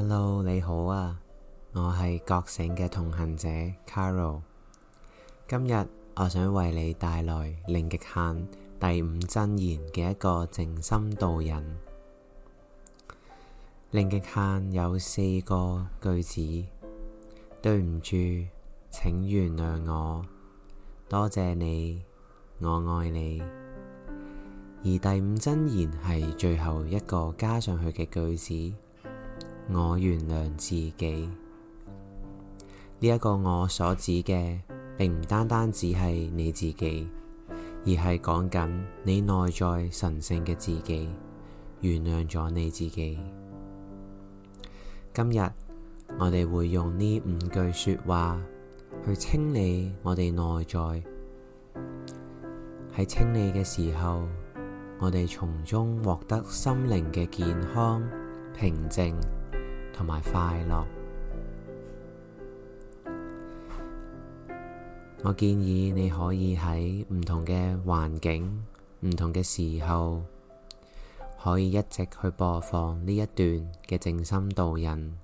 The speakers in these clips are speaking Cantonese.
hello，你好啊，我係覺醒嘅同行者 Kyro。今日我想為你帶來零極限第五真言嘅一個靜心導引。零極限有四個句子：對唔住，請原諒我；多謝你，我愛你。而第五真言係最後一個加上去嘅句子。我原諒自己，呢一個我所指嘅，並唔單單只係你自己，而係講緊你內在神聖嘅自己，原諒咗你自己。今日我哋會用呢五句說話去清理我哋內在，喺清理嘅時候，我哋從中獲得心靈嘅健康平靜。同埋快樂，我建議你可以喺唔同嘅環境、唔同嘅時候，可以一直去播放呢一段嘅靜心導引。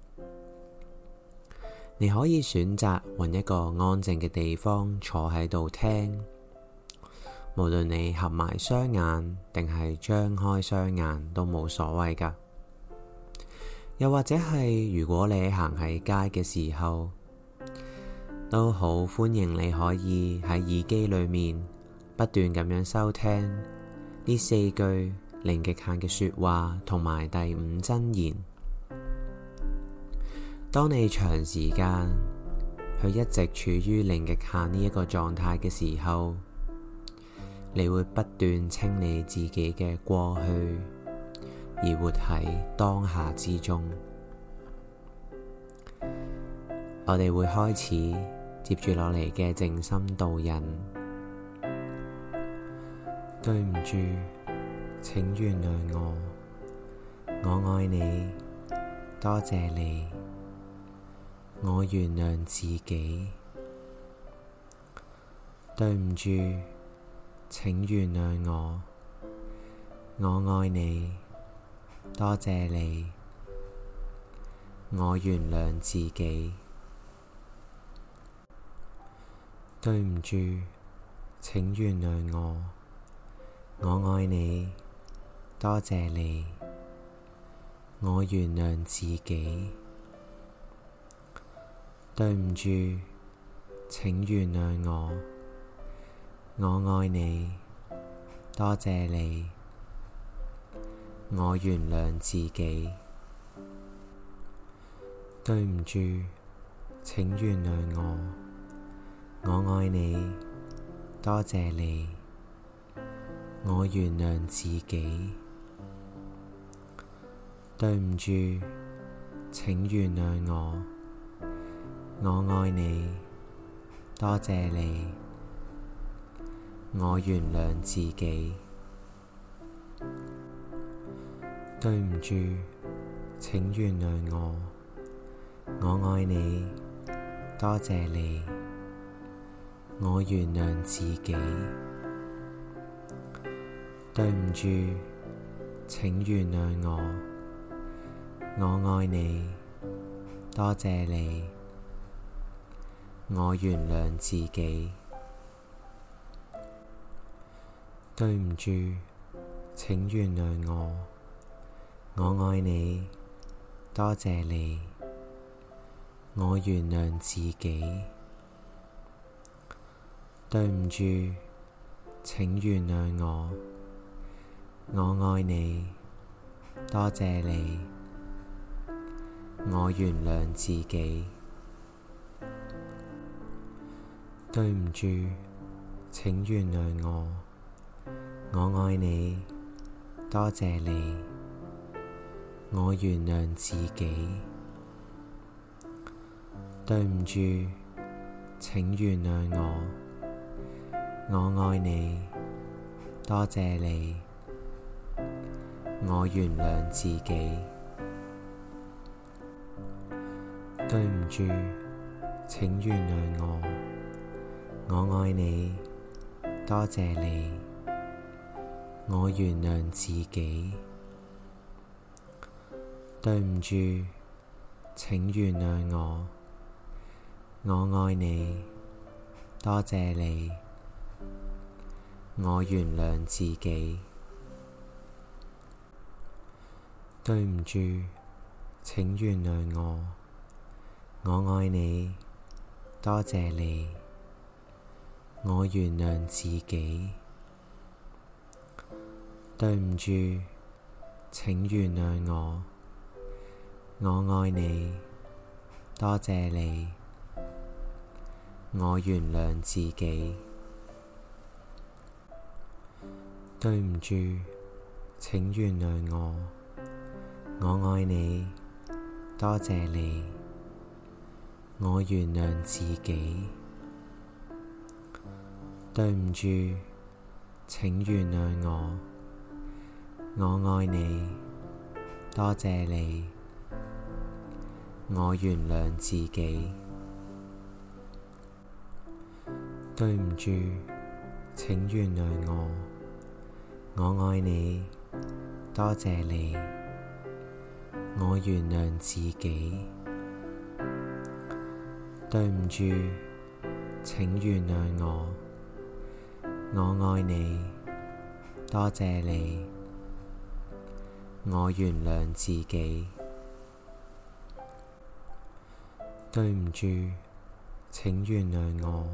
你可以選擇揾一個安靜嘅地方坐喺度聽，無論你合埋雙眼定係張開雙眼都冇所謂㗎。又或者係如果你行喺街嘅時候，都好歡迎你可以喺耳機裏面不斷咁樣收聽呢四句零極限嘅說話，同埋第五真言。當你長時間去一直處於零極限呢一個狀態嘅時候，你會不斷清理自己嘅過去。而活喺當下之中，我哋會開始接住落嚟嘅靜心導引。對唔住，請原諒我，我愛你，多謝你，我原諒自己。對唔住，請原諒我，我愛你。多謝你，我原諒自己，對唔住，請原諒我，我愛你，多謝你，我原諒自己，對唔住，請原諒我，我愛你，多謝你。我原諒自己，對唔住，請原諒我，我愛你，多謝你。我原諒自己，對唔住，請原諒我，我愛你，多謝你。我原諒自己。對唔住，請原諒我。我愛你，多謝你。我原諒自己。對唔住，請原諒我。我愛你，多謝你。我原諒自己。對唔住，請原諒我。我愛你，多謝你，我原諒自己，對唔住，請原諒我。我愛你，多謝你，我原諒自己，對唔住，請原諒我。我愛你，多謝你。我原諒自己，對唔住，請原諒我，我愛你，多謝你。我原諒自己，對唔住，請原諒我，我愛你，多謝你。我原諒自己。對唔住，請原諒我，我愛你，多謝你，我原諒自己。對唔住，請原諒我，我愛你，多謝你，我原諒自己。對唔住，請原諒我。我愛你，多謝你，我原諒自己，對唔住，請原諒我。我愛你，多謝你，我原諒自己，對唔住，請原諒我。我愛你，多謝你。我原諒自己，對唔住，請原諒我，我愛你，多謝你。我原諒自己，對唔住，請原諒我，我愛你，多謝你。我原諒自己。對唔住，請原諒我。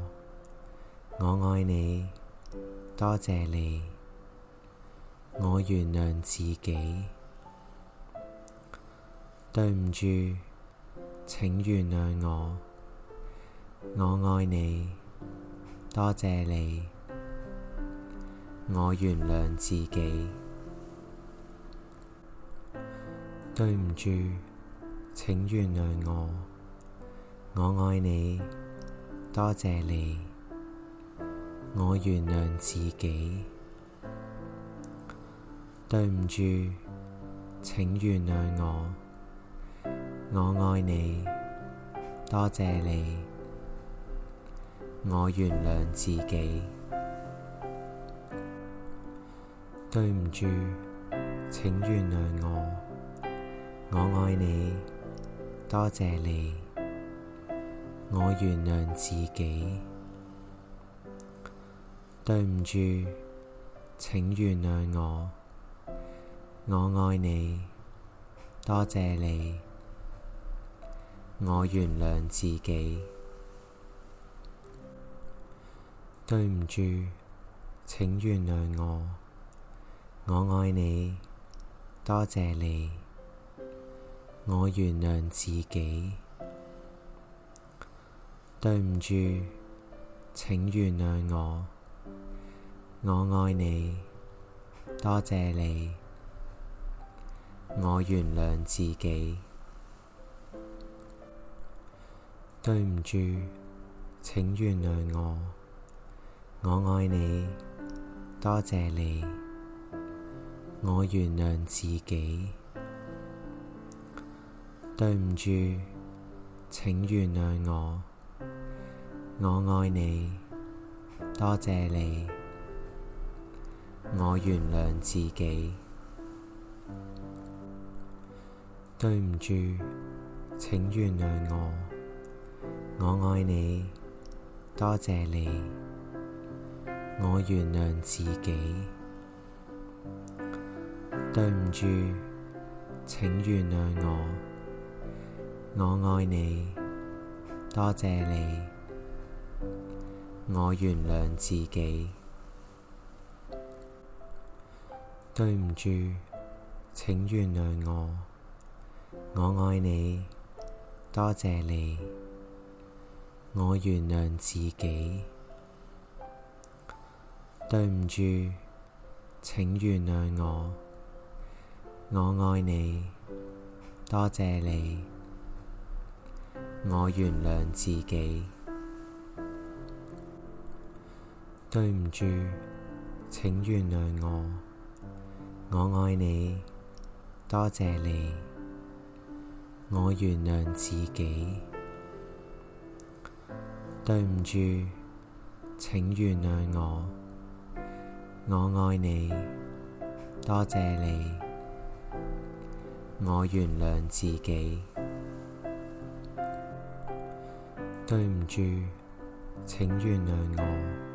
我愛你，多謝你。我原諒自己。對唔住，請原諒我。我愛你，多謝你。我原諒自己。對唔住，請原諒我。我愛你，多謝你，我原諒自己，對唔住，請原諒我。我愛你，多謝你，我原諒自己，對唔住，請原諒我。我愛你，多謝你。我原諒自己，對唔住，請原諒我，我愛你，多謝你。我原諒自己，對唔住，請原諒我，我愛你，多謝你。我原諒自己。對唔住，請原諒我。我愛你，多謝你。我原諒自己。對唔住，請原諒我。我愛你，多謝你。我原諒自己。對唔住，請原諒我。我愛你，多謝你，我原諒自己，對唔住，請原諒我。我愛你，多謝你，我原諒自己，對唔住，請原諒我。我愛你，多謝你。我原諒自己，對唔住，請原諒我，我愛你，多謝你。我原諒自己，對唔住，請原諒我，我愛你，多謝你。我原諒自己。對唔住，請原諒我，我愛你，多謝你，我原諒自己。對唔住，請原諒我，我愛你，多謝你，我原諒自己。對唔住，請原諒我。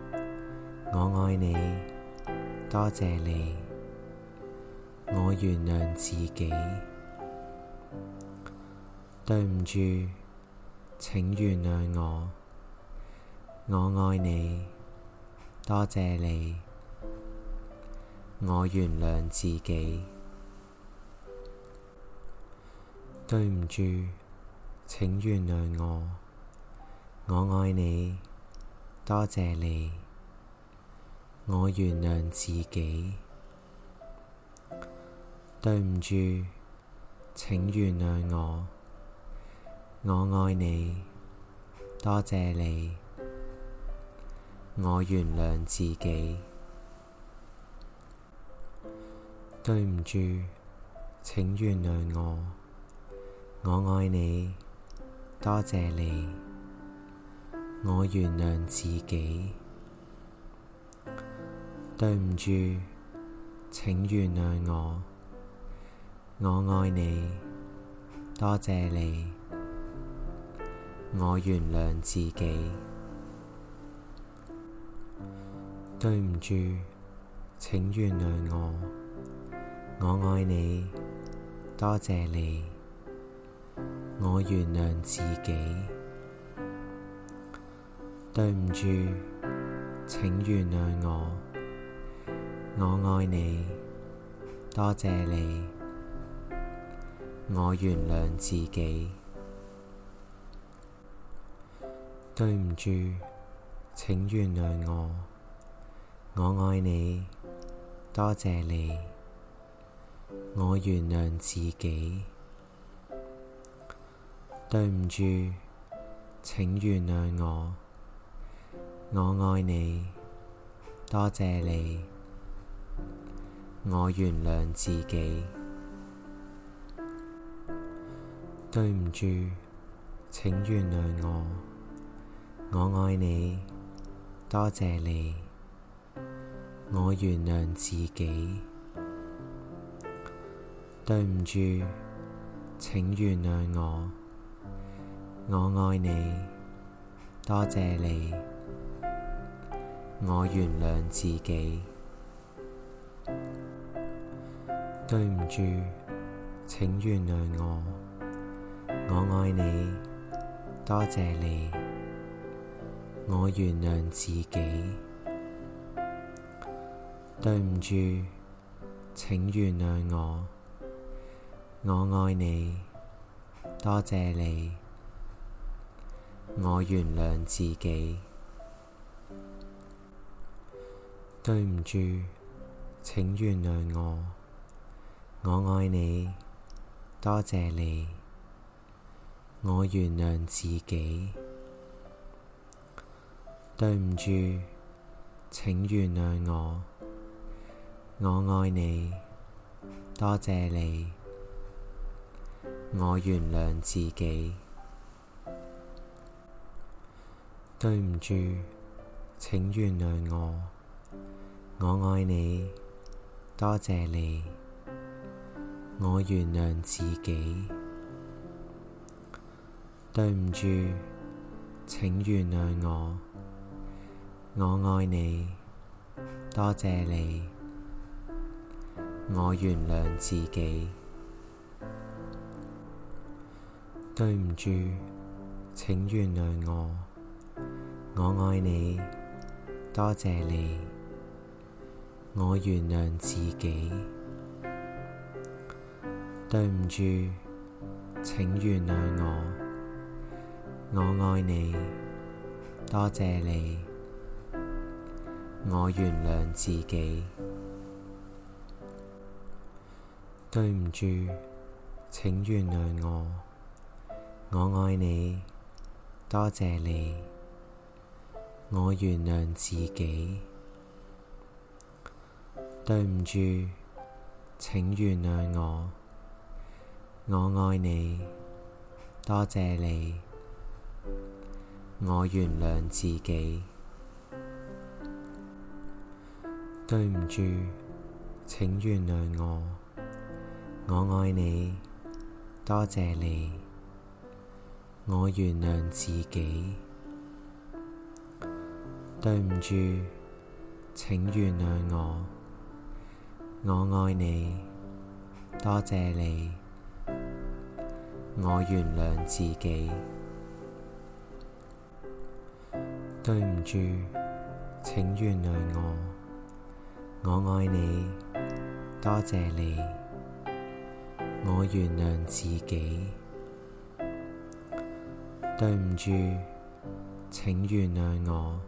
我愛你，多謝你，我原諒自己，對唔住，請原諒我。我愛你，多謝你，我原諒自己，對唔住，請原諒我。我愛你，多謝你。我原諒自己，對唔住，請原諒我，我愛你，多謝你。我原諒自己，對唔住，請原諒我，我愛你，多謝你。我原諒自己。對唔住，請原諒我。我愛你，多謝你。我原諒自己。對唔住，請原諒我。我愛你，多謝你。我原諒自己。對唔住，請原諒我。我愛你，多謝你，我原諒自己，對唔住，請原諒我。我愛你，多謝你，我原諒自己，對唔住，請原諒我。我愛你，多謝你。我原諒自己，對唔住，請原諒我，我愛你，多謝你。我原諒自己，對唔住，請原諒我，我愛你，多謝你。我原諒自己。對唔住，請原諒我。我愛你，多謝你。我原諒自己。對唔住，請原諒我。我愛你，多謝你。我原諒自己。對唔住，請原諒我。我愛你，多謝你，我原諒自己，對唔住，請原諒我。我愛你，多謝你，我原諒自己，對唔住，請原諒我。我愛你，多謝你。我原諒自己，對唔住，請原諒我，我愛你，多謝你。我原諒自己，對唔住，請原諒我，我愛你，多謝你。我原諒自己。對唔住，請原諒我。我愛你，多謝你。我原諒自己。對唔住，請原諒我。我愛你，多謝你。我原諒自己。對唔住，請原諒我。我愛你，多謝你，我原諒自己，對唔住，請原諒我。我愛你，多謝你，我原諒自己，對唔住，請原諒我。我愛你，多謝你。我原諒自己，對唔住，請原諒我，我愛你，多謝你。我原諒自己，對唔住，請原諒我，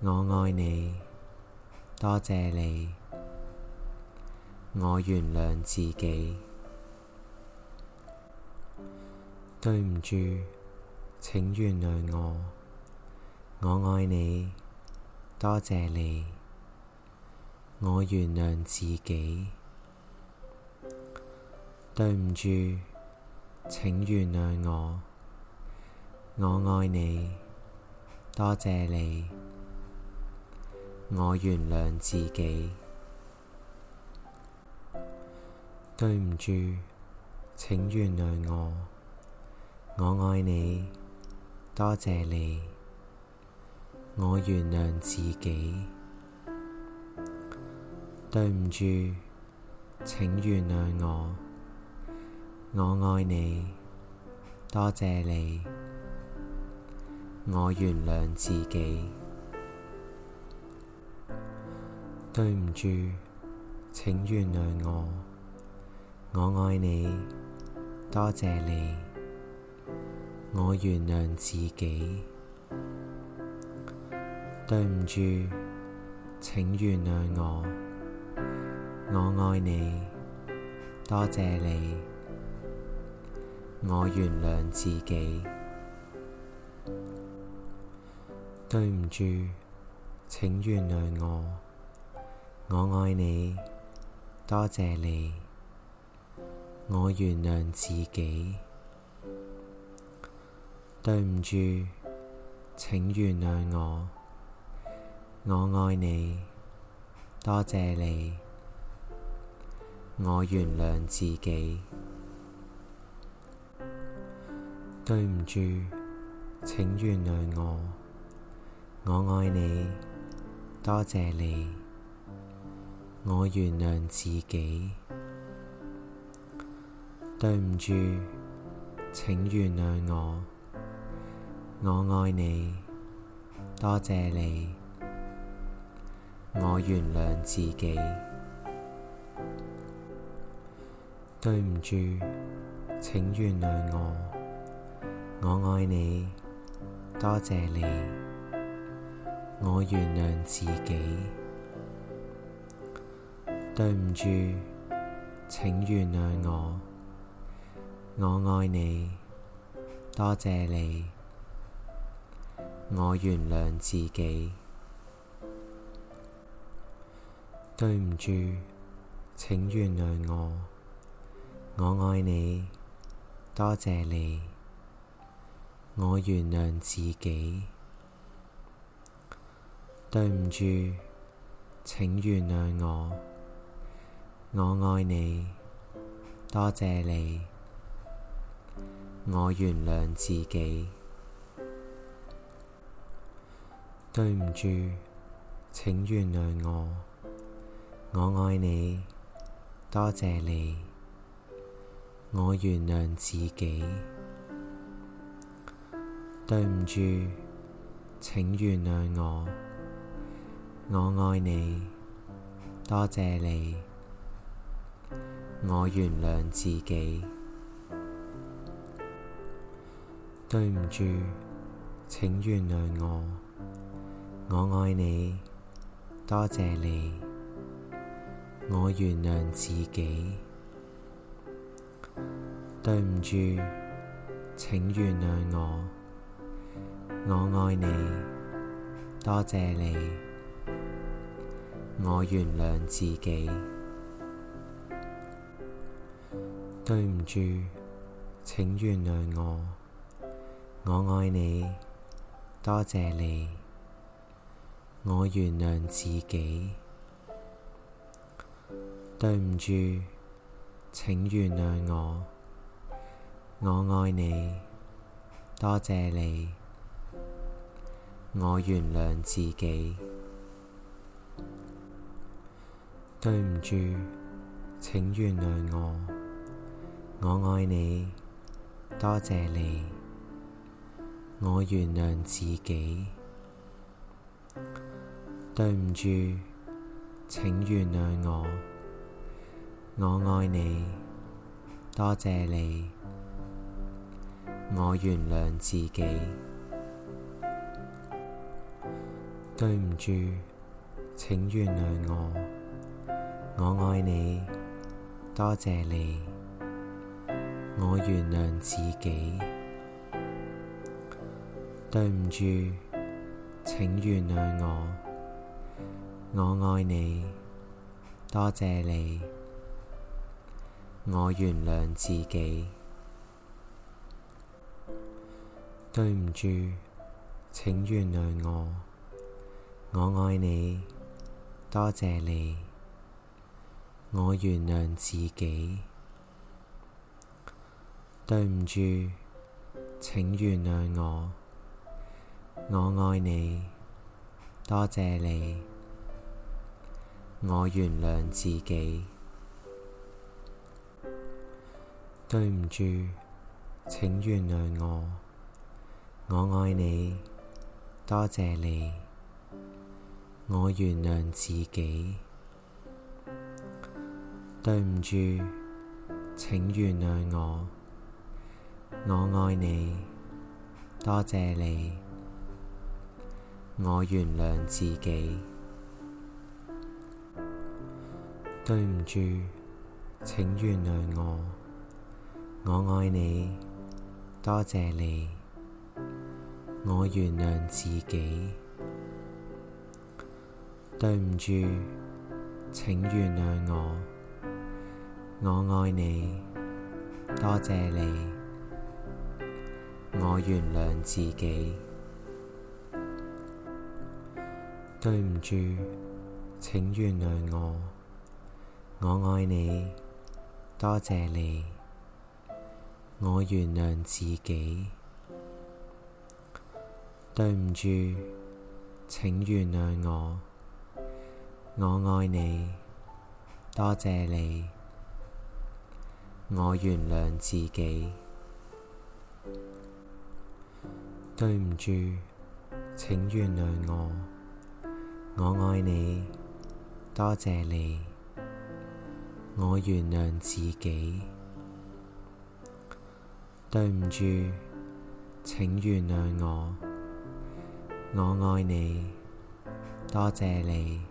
我愛你，多謝你。我原諒自己。對唔住，請原諒我。我愛你，多謝你。我原諒自己。對唔住，請原諒我。我愛你，多謝你。我原諒自己。對唔住，請原諒我。我愛你，多謝你。我原諒自己，對唔住，請原諒我。我愛你，多謝你。我原諒自己，對唔住，請原諒我。我愛你，多謝你。我原諒自己，對唔住，請原諒我。我愛你，多謝你。我原諒自己，對唔住，請原諒我。我愛你，多謝你。我原諒自己。對唔住，請原諒我。我愛你，多謝你。我原諒自己。對唔住，請原諒我。我愛你，多謝你。我原諒自己。對唔住，請原諒我。我愛你，多謝你，我原諒自己，對唔住，請原諒我。我愛你，多謝你，我原諒自己，對唔住，請原諒我。我愛你，多謝你。我原諒自己，對唔住，請原諒我，我愛你，多謝你。我原諒自己，對唔住，請原諒我，我愛你，多謝你。我原諒自己。對唔住，請原諒我，我愛你，多謝你，我原諒自己。對唔住，請原諒我，我愛你，多謝你，我原諒自己。對唔住，請原諒我。我愛你，多謝你。我原諒自己，對唔住，請原諒我。我愛你，多謝你。我原諒自己，對唔住，請原諒我。我愛你，多謝你。我原諒自己，對唔住，請原諒我，我愛你，多謝你。我原諒自己，對唔住，請原諒我，我愛你，多謝你。我原諒自己。對唔住，請原諒我，我愛你，多謝你，我原諒自己。對唔住，請原諒我，我愛你，多謝你，我原諒自己。對唔住，請原諒我。我愛你，多謝你，我原諒自己，對唔住，請原諒我。我愛你，多謝你，我原諒自己，對唔住，請原諒我。我愛你，多謝你。我原諒自己，對唔住，請原諒我，我愛你，多謝你。我原諒自己，對唔住，請原諒我，我愛你，多謝你。我原諒自己。對唔住，請原諒我。我愛你，多謝你。我原諒自己。對唔住，請原諒我。我愛你，多謝你。我原諒自己。對唔住，請原諒我。我愛你，多謝你，我原諒自己，對唔住，請原諒我。我愛你，多謝你，我原諒自己，對唔住，請原諒我。我愛你，多謝你。我原諒自己，對唔住，請原諒我，我愛你，多謝你。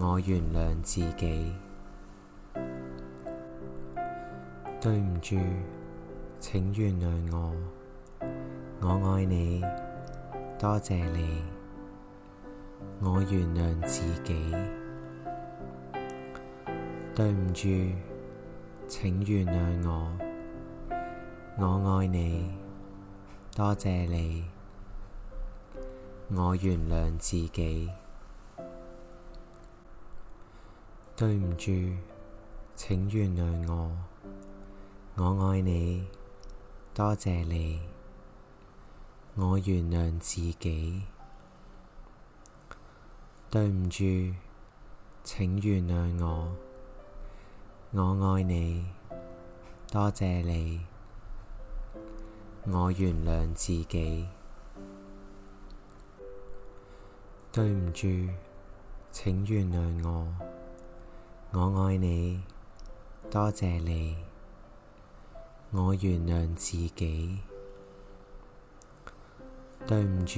我原諒自己，對唔住，請原諒我，我愛你，多謝你。我原諒自己。對唔住，請原諒我。我愛你，多謝你。我原諒自己。對唔住，請原諒我。我愛你，多謝你。我原諒自己。對唔住，請原諒我。我愛你，多謝你，我原諒自己，對唔住，請原諒我。我愛你，多謝你，我原諒自己，對唔住，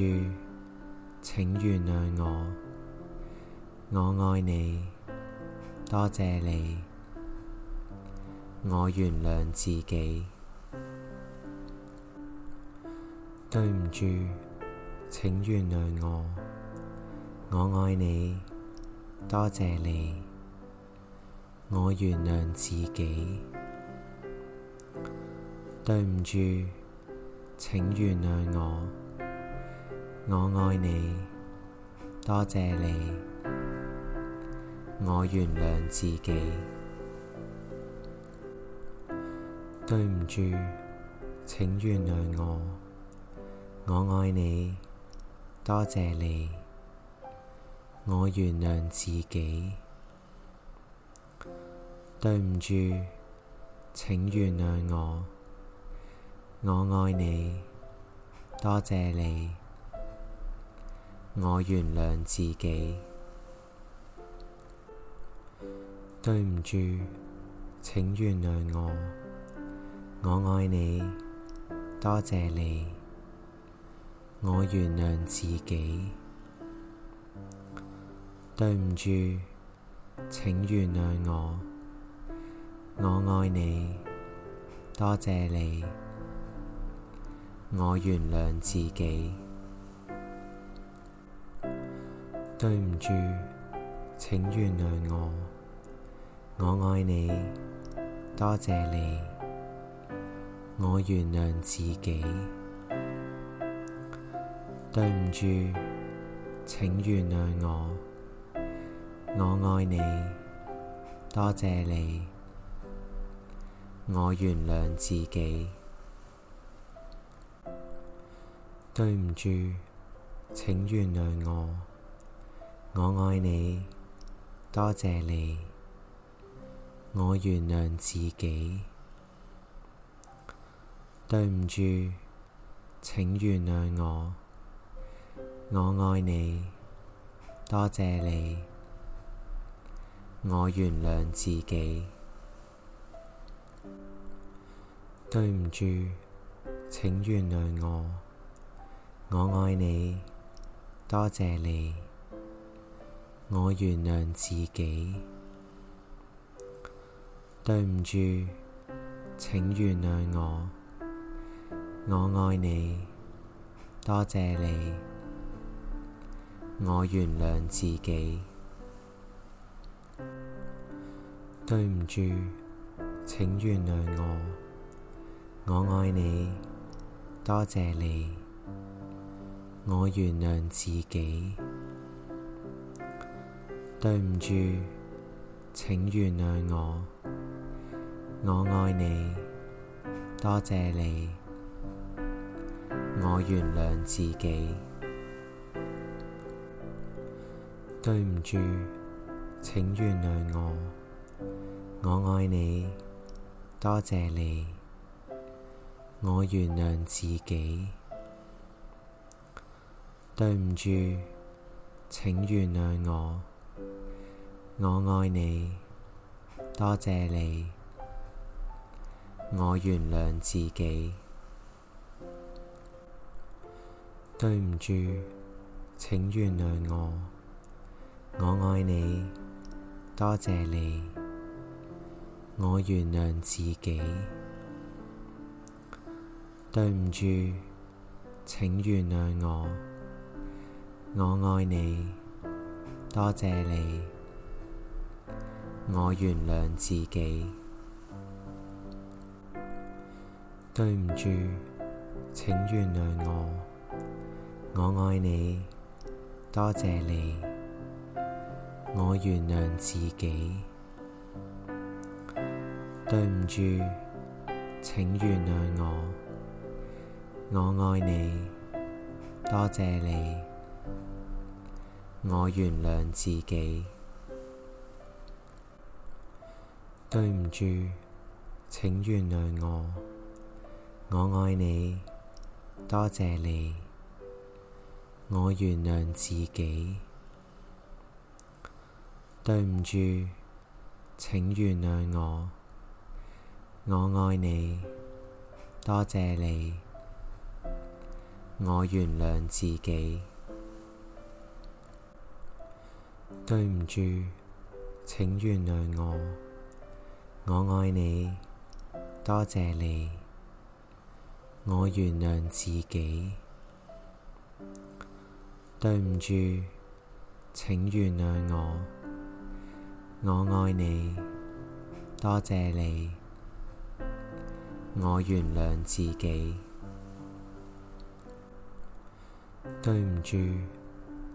請原諒我。我愛你，多謝你。我原諒自己，對唔住，請原諒我，我愛你，多謝你。我原諒自己，對唔住，請原諒我，我愛你，多謝你。我原諒自己。對唔住，請原諒我，我愛你，多謝你，我原諒自己。對唔住，請原諒我，我愛你，多謝你，我原諒自己。對唔住，請原諒我。我愛你，多謝你，我原諒自己，對唔住，請原諒我。我愛你，多謝你，我原諒自己，對唔住，請原諒我。我愛你，多謝你。我原諒自己，對唔住，請原諒我，我愛你，多謝你。我原諒自己，對唔住，請原諒我，我愛你，多謝你。我原諒自己。對唔住，請原諒我。我愛你，多謝你。我原諒自己。對唔住，請原諒我。我愛你，多謝你。我原諒自己。對唔住，請原諒我。我愛你，多謝你，我原諒自己，對唔住，請原諒我。我愛你，多謝你，我原諒自己，對唔住，請原諒我。我愛你，多謝你。我原諒自己，對唔住，請原諒我，我愛你，多謝你。我原諒自己，對唔住，請原諒我，我愛你，多謝你。我原諒自己。對唔住，請原諒我。我愛你，多謝你。我原諒自己。對唔住，請原諒我。我愛你，多謝你。我原諒自己。對唔住，請原諒我。我愛你，多謝你，我原諒自己，對唔住，請原諒我。我愛你，多謝你，我原諒自己，對唔住，請原諒我。我愛你，多謝你。我原諒自己，對唔住，請原諒我，我愛你，多謝你。我原諒自己，對唔住，請原諒我，我愛你，多謝你。我原諒自己。對唔住，請原諒我，我愛你，多謝你，我原諒自己。對唔住，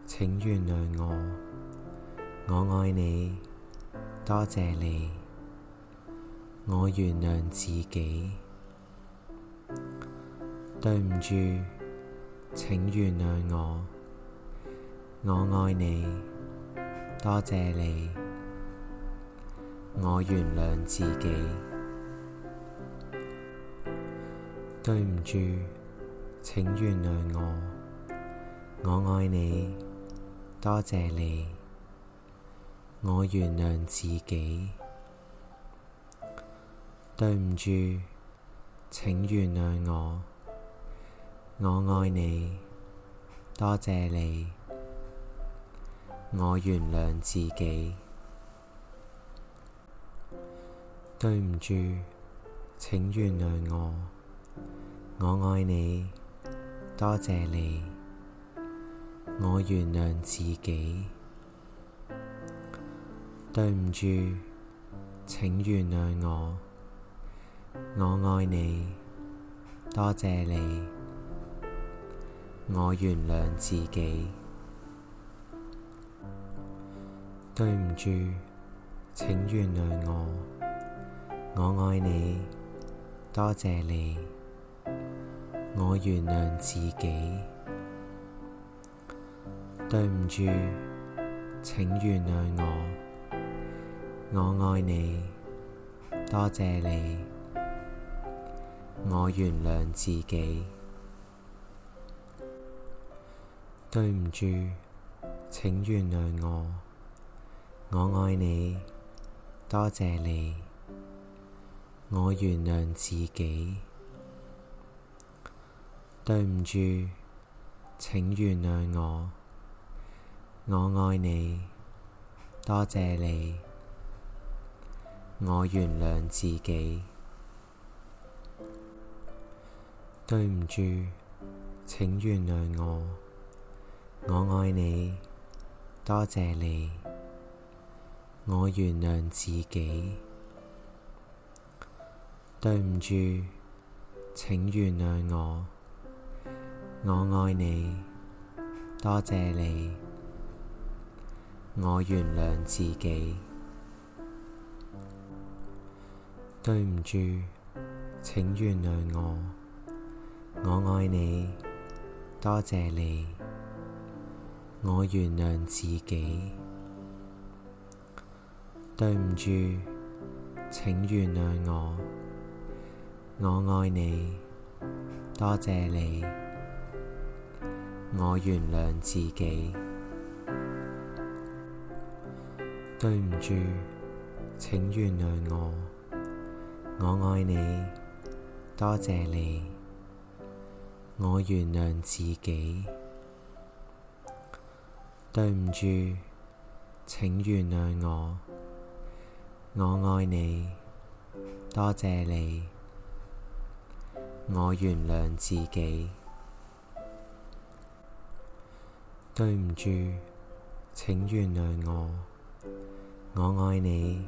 請原諒我，我愛你，多謝你，我原諒自己。對唔住，請原諒我。我愛你，多謝你，我原諒自己，對唔住，請原諒我。我愛你，多謝你，我原諒自己，對唔住，請原諒我。我愛你，多謝你。我原諒自己，對唔住，請原諒我，我愛你，多謝你。我原諒自己，對唔住，請原諒我，我愛你，多謝你。我原諒自己。對唔住，請原諒我，我愛你，多謝你，我原諒自己。對唔住，請原諒我，我愛你，多謝你，我原諒自己。對唔住，請原諒我。我愛你，多謝你。我原諒自己，對唔住，請原諒我。我愛你，多謝你。我原諒自己，對唔住，請原諒我。我愛你，多謝你。我原諒自己，對唔住，請原諒我，我愛你，多謝你，我原諒自己，對唔住，請原諒我，我愛你，多謝你，我原諒自己。對唔住，請原諒我。我愛你，多謝你。我原諒自己。對唔住，請原諒我。我愛你，多謝你。我原諒自己。對唔住，請原諒我。我愛你，多謝你，我原諒自己，對唔住，請原諒我。我愛你，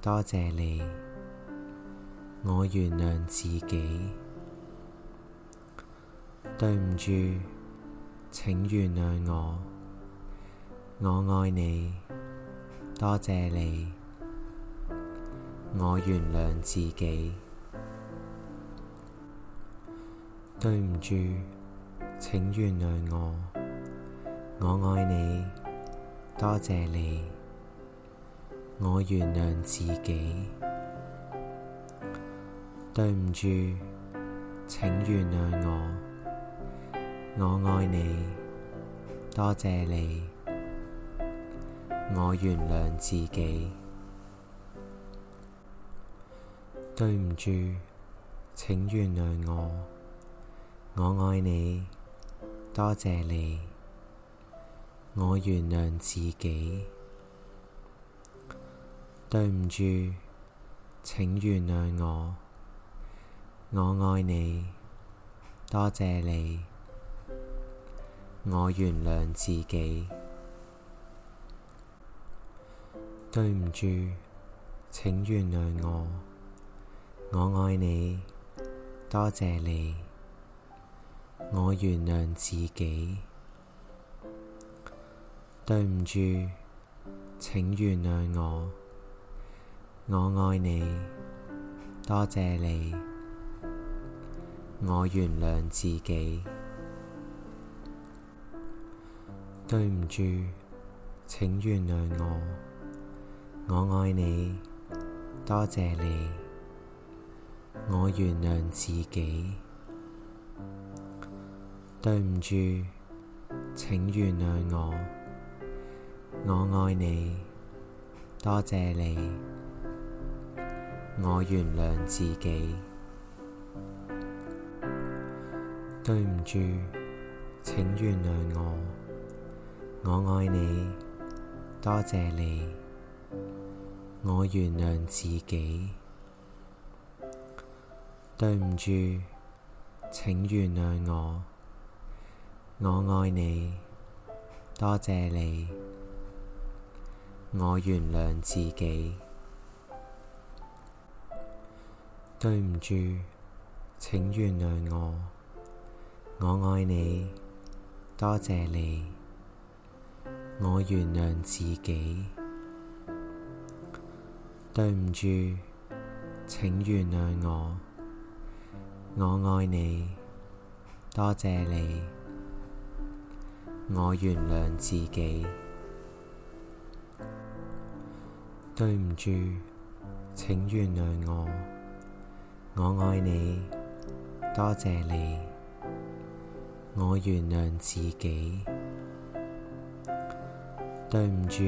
多謝你，我原諒自己，對唔住，請原諒我。我愛你，多謝你。我原諒自己，對唔住，請原諒我，我愛你，多謝你。我原諒自己，對唔住，請原諒我，我愛你，多謝你。我原諒自己。對唔住，請原諒我，我愛你，多謝你，我原諒自己。對唔住，請原諒我，我愛你，多謝你，我原諒自己。對唔住，請原諒我。我愛你，多謝你。我原諒自己，對唔住，請原諒我。我愛你，多謝你。我原諒自己，對唔住，請原諒我。我愛你，多謝你。我原諒自己，對唔住，請原諒我，我愛你，多謝你。我原諒自己，對唔住，請原諒我，我愛你，多謝你。我原諒自己。對唔住，請原諒我。我愛你，多謝你。我原諒自己。對唔住，請原諒我。我愛你，多謝你。我原諒自己。對唔住，請原諒我。我愛你，多謝你，我原諒自己，對唔住，請原諒我。我愛你，多謝你，我原諒自己，對唔住，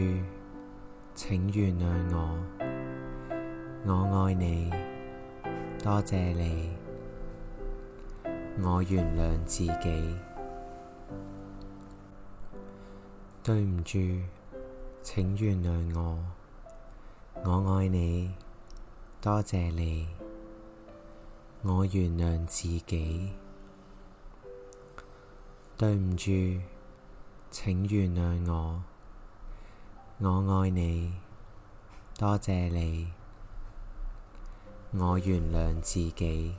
請原諒我。我愛你，多謝你。我原諒自己，對唔住，請原諒我，我愛你，多謝你。我原諒自己，對唔住，請原諒我，我愛你，多謝你。我原諒自己。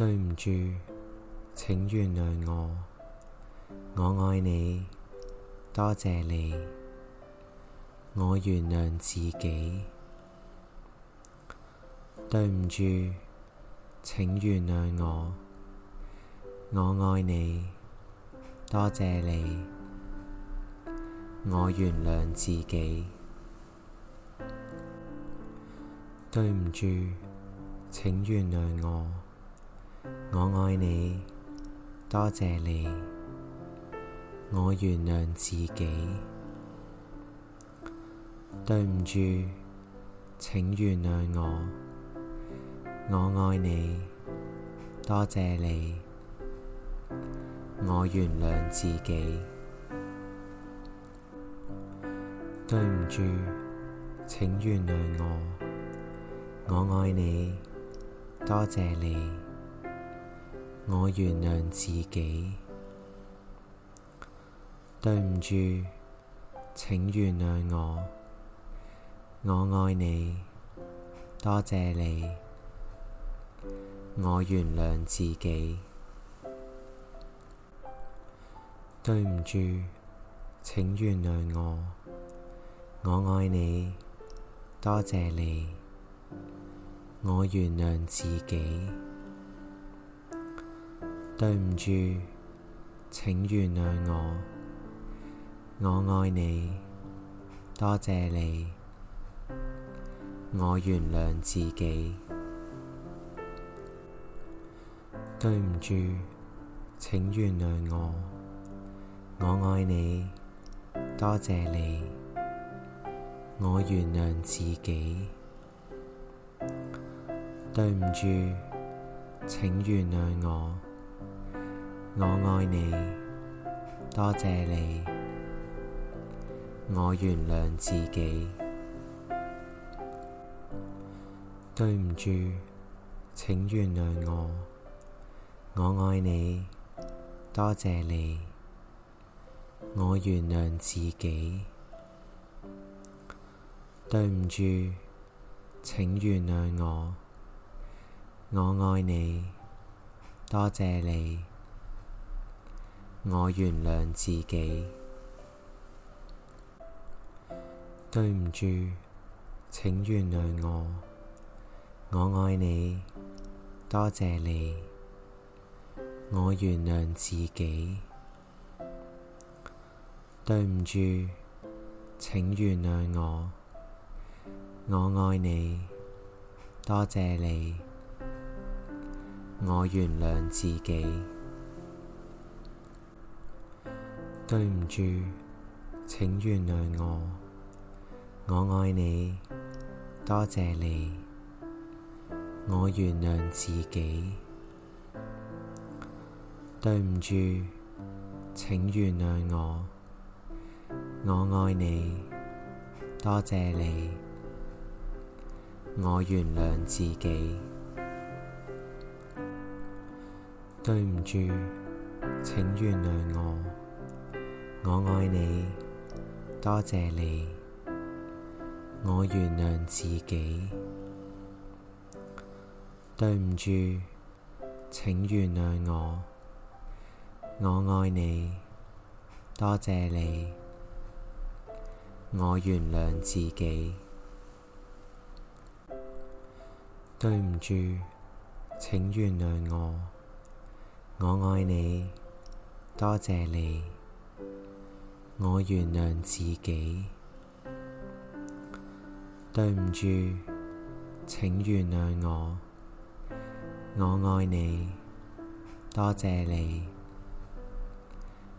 對唔住，請原諒我，我愛你，多謝你，我原諒自己。對唔住，請原諒我，我愛你，多謝你，我原諒自己。對唔住，請原諒我。我愛你，多謝你，我原諒自己，對唔住，請原諒我。我愛你，多謝你，我原諒自己，對唔住，請原諒我。我愛你，多謝你。我原諒自己，對唔住，請原諒我，我愛你，多謝你。我原諒自己，對唔住，請原諒我，我愛你，多謝你。我原諒自己。對唔住，請原諒我。我愛你，多謝你。我原諒自己。對唔住，請原諒我。我愛你，多謝你。我原諒自己。對唔住，請原諒我。我愛你，多謝你，我原諒自己，對唔住，請原諒我。我愛你，多謝你，我原諒自己，對唔住，請原諒我。我愛你，多謝你。我原諒自己，對唔住，請原諒我，我愛你，多謝你。我原諒自己，對唔住，請原諒我，我愛你，多謝你。我原諒自己。對唔住，請原諒我。我愛你，多謝你。我原諒自己。對唔住，請原諒我。我愛你，多謝你。我原諒自己。對唔住，請原諒我。我愛你，多謝你，我原諒自己，對唔住，請原諒我。我愛你，多謝你，我原諒自己，對唔住，請原諒我。我愛你，多謝你。我原諒自己，對唔住，請原諒我，我愛你，多謝你。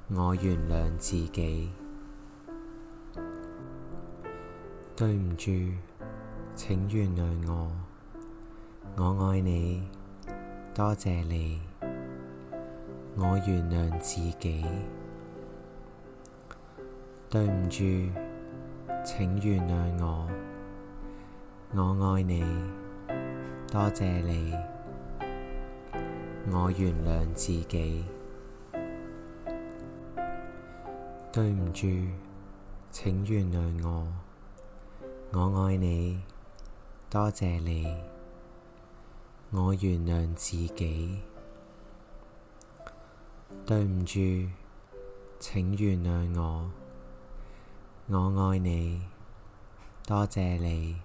我原諒自己，對唔住，請原諒我，我愛你，多謝你。我原諒自己。對唔住，請原諒我。我愛你，多謝你。我原諒自己。對唔住，請原諒我。我愛你，多謝你。我原諒自己。對唔住，請原諒我。我愛你，多謝你，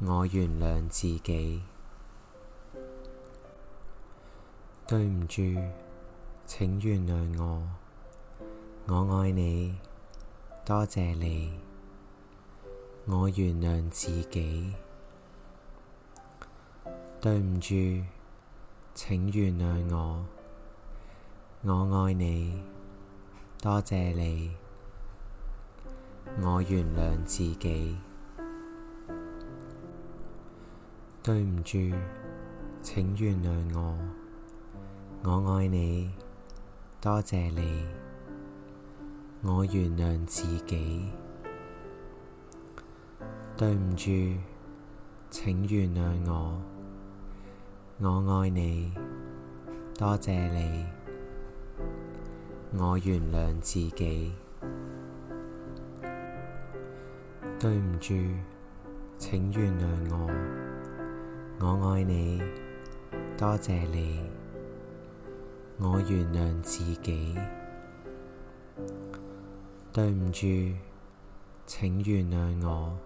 我原諒自己，對唔住，請原諒我。我愛你，多謝你，我原諒自己，對唔住，請原諒我。我愛你，多謝你。我原諒自己，對唔住，請原諒我，我愛你，多謝你。我原諒自己，對唔住，請原諒我，我愛你，多謝你。我原諒自己。對唔住，請原諒我，我愛你，多謝你，我原諒自己。對唔住，請原諒我，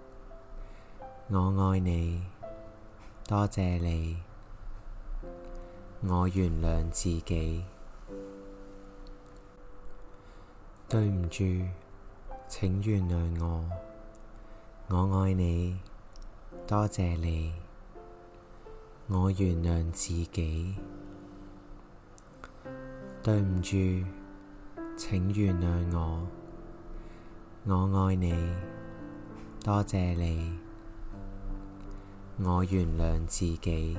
我愛你，多謝你，我原諒自己。對唔住，請原諒我。我愛你，多謝你，我原諒自己，對唔住，請原諒我。我愛你，多謝你，我原諒自己，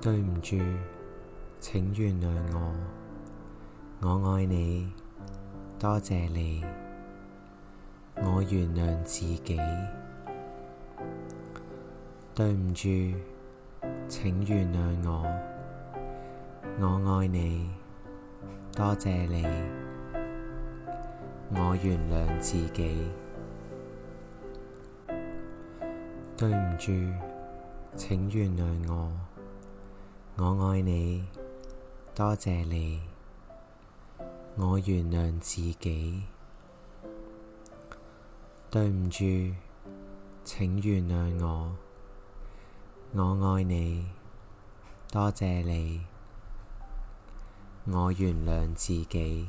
對唔住，請原諒我。我愛你，多謝你。我原諒自己，對唔住，請原諒我。我愛你，多謝你。我原諒自己，對唔住，請原諒我。我愛你，多謝你。我原諒自己。對唔住，請原諒我，我愛你，多謝你，我原諒自己。